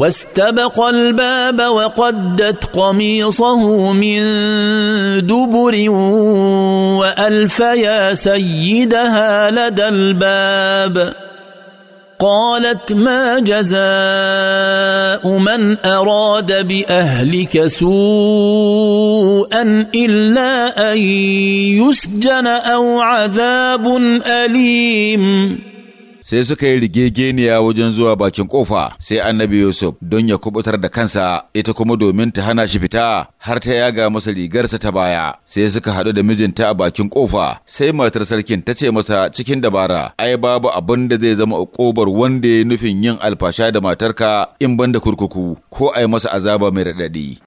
واستبق الباب وقدت قميصه من دبر والف يا سيدها لدى الباب قالت ما جزاء من اراد باهلك سوءا الا ان يسجن او عذاب اليم sai suka yi rigegeniya wajen zuwa bakin kofa sai annabi Yusuf don ya kubutar da kansa ita kuma domin ta hana shi fita har ta yaga masa rigarsa ta baya sai suka haɗu da mijinta a bakin kofa sai matar sarkin ta ce masa cikin dabara ai babu abin da zai zama ƙobar wanda ya nufin yin alfasha da matarka in banda kurkuku ko ai masa azaba mai raɗaɗi